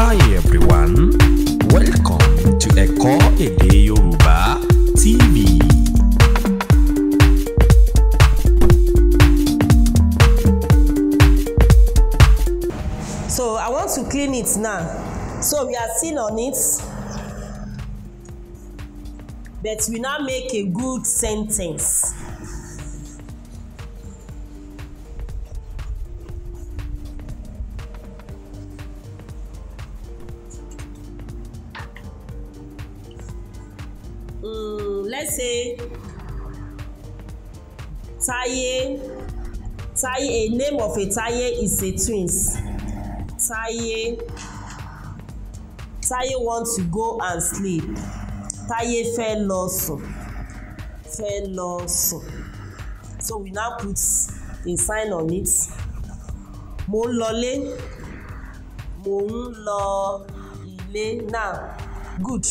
Hi everyone, welcome to Ẹ̀kọ́ Èdè Yorùbá TV. So I want to clean it now. So we are still on it. But we now make a good sentence. um, let's say Taye Taye a name of a Taye is a twins Taye Taye want to go and sleep Taye fẹ́ lọ sùn fẹ́ lọ sùn so we now put a sign on it mo ń lọlé mo ń lọ ilé now good.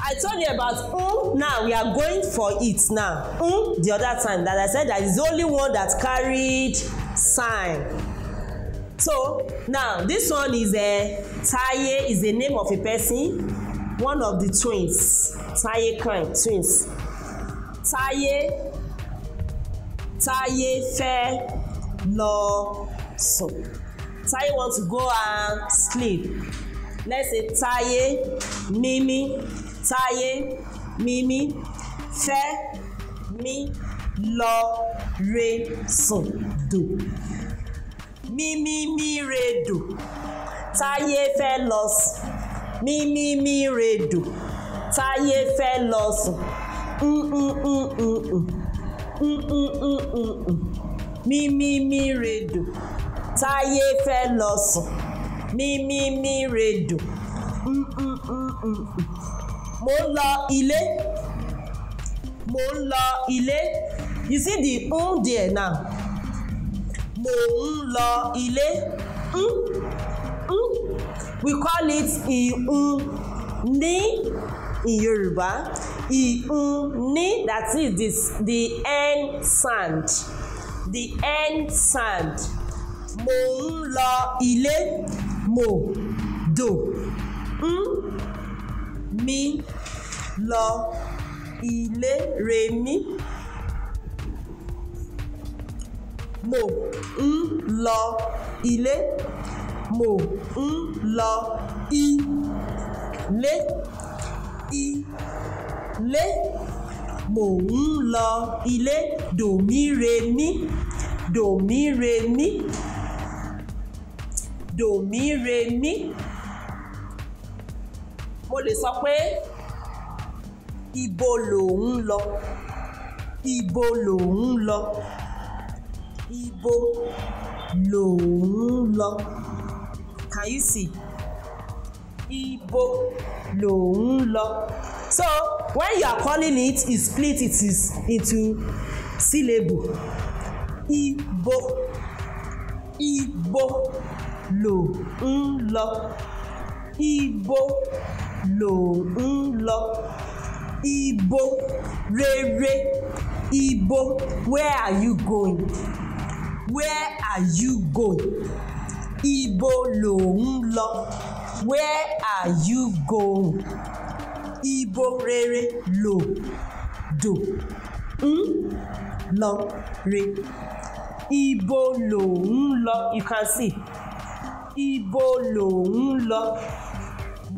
I told you about um now we are going for it now um the other time that I said that is the only one that carried sign so now this one is a eh, Taye is the name of a person one of the twins Taye kind twins Taye Taye fẹ́ lọ sùn Taye want to go and sleep let's say Taye Mimi táyé mímí fẹ́ mí lọ re sùn dò mímí mí re dò táyé fẹ́ lọ sùn mímí mí re dò táyé fẹ́ lọ sùn mímímí redò táyé fẹ́ lọ sùn mímímí redò mo ń lọ ilé mo ń lọ ilé you see the n um there now mo ń lọ ilé n hmm? n hmm? we call it ìhun ní in Yoruba ìhun ní that is the the n sound the n sound mo ń lọ ilé mo do n. Hmm? mi lọ ilé Remi. Mo ń lọ ilé. Mo ń lọ ilé. Ilé. Mo ń lọ ilé dòmíremí dòmíremí dòmíremí mo lè sọ pé ibo lòun lọ ibo lòun lọ ibo lòun lọ can you see ibo lòun lọ so when you are calling it you split it is into syllable ibo ibo lòun lọ ibo lò ń lọ ibo rere ibo where are you going where are you going ibo lò ń lọ where are you going ibo rere lò dò ń lọ re ibo lò ń lọ you can see ibo lò ń lọ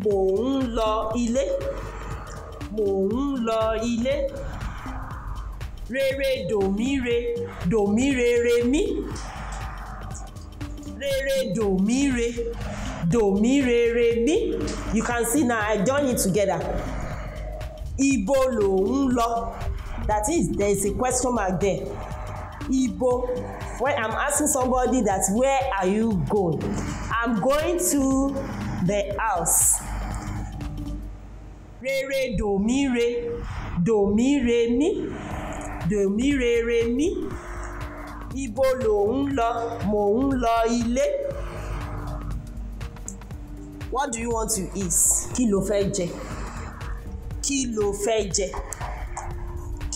mò ń lọ ilé mò ń lọ ilé rere dòmíre dòmírere mí rere dòmíre dòmírere mí you can see now I join it together ibo lò ń lọ that is there is a question mark there ibo when I'm asking somebody that where are you going I'm going to the house rere dòmíre dòmíremí dòmíreremí ibo lò ń lọ mò ń lọ ilé what do you want to eat kí lo fẹ́ jẹ kí lo fẹ́ jẹ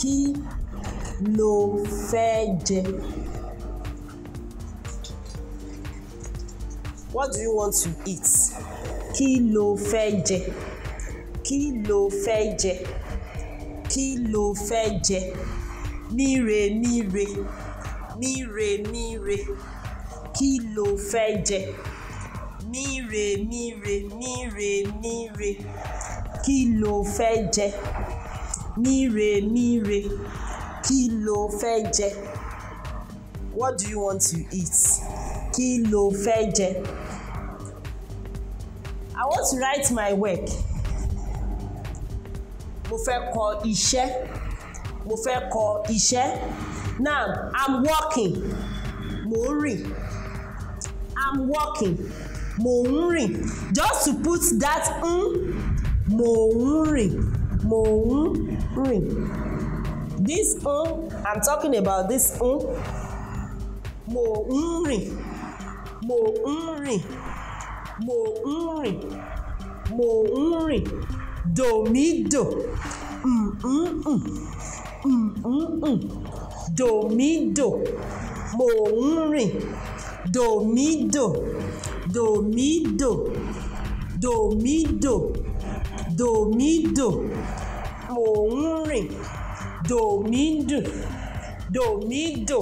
kí lo fẹ́ jẹ. What do you want to eat? Kí lo fẹ́ jẹ? kí lo fẹ́ jẹ kí lo fẹ́ jẹ míre míre míre míre kí lo fẹ́ jẹ míre míre míre míre kí lo fẹ́ jẹ míre míre kí lo fẹ́ jẹ what do you want to eat kí lo fẹ́ jẹ. I want to write my work mo fẹ́ kọ iṣẹ́ mo fẹ́ kọ iṣẹ́ now i'm working, mo ń rìn i'm working, mo ń rìn just to put that n mo ń rìn mo ń rìn this n i'm talking about this n mo ń rìn mo ń rìn mo ń rìn mo ń rìn dòmídò ǹǹǹ ǹǹǹ dòmídò mò ń rìn mo dòmídò dòmídò dòmídò mò ń rìn dòmídò dòmídò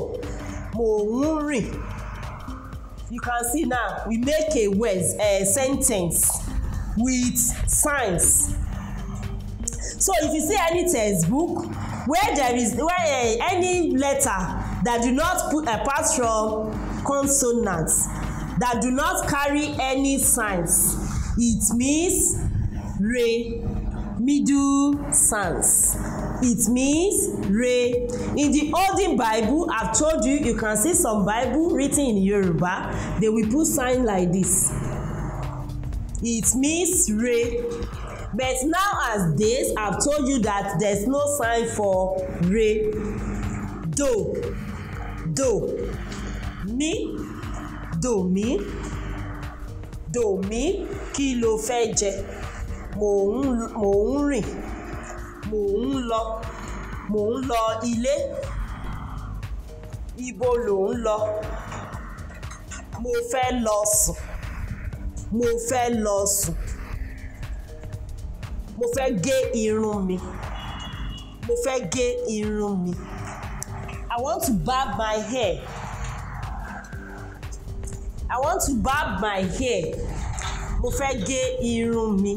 mò ń rìn. You can see now we make a words, a eh, sentence with signs so if you see any textbook where there is where uh, any letter that do not put a eh, apart from consonants that do not carry any signs it means re middle signs it means re in the olden bible i've told you you can see some bible written in yoruba they will put sign like this it means re but now as this, have told you that there's no sign for re do do mi do mi do mi kí lo fẹ́ jẹ mò ń rìn mò ń lọ mò ń lọ ilé ibo lò ń lọ mo fẹ́ lọ sùn mo fẹ́ lọ sùn mo fẹ́ gé irun mi mo fẹ́ gé irun mi I want to barb my hair I want to barb my hair mo fẹ́ gé irun mi.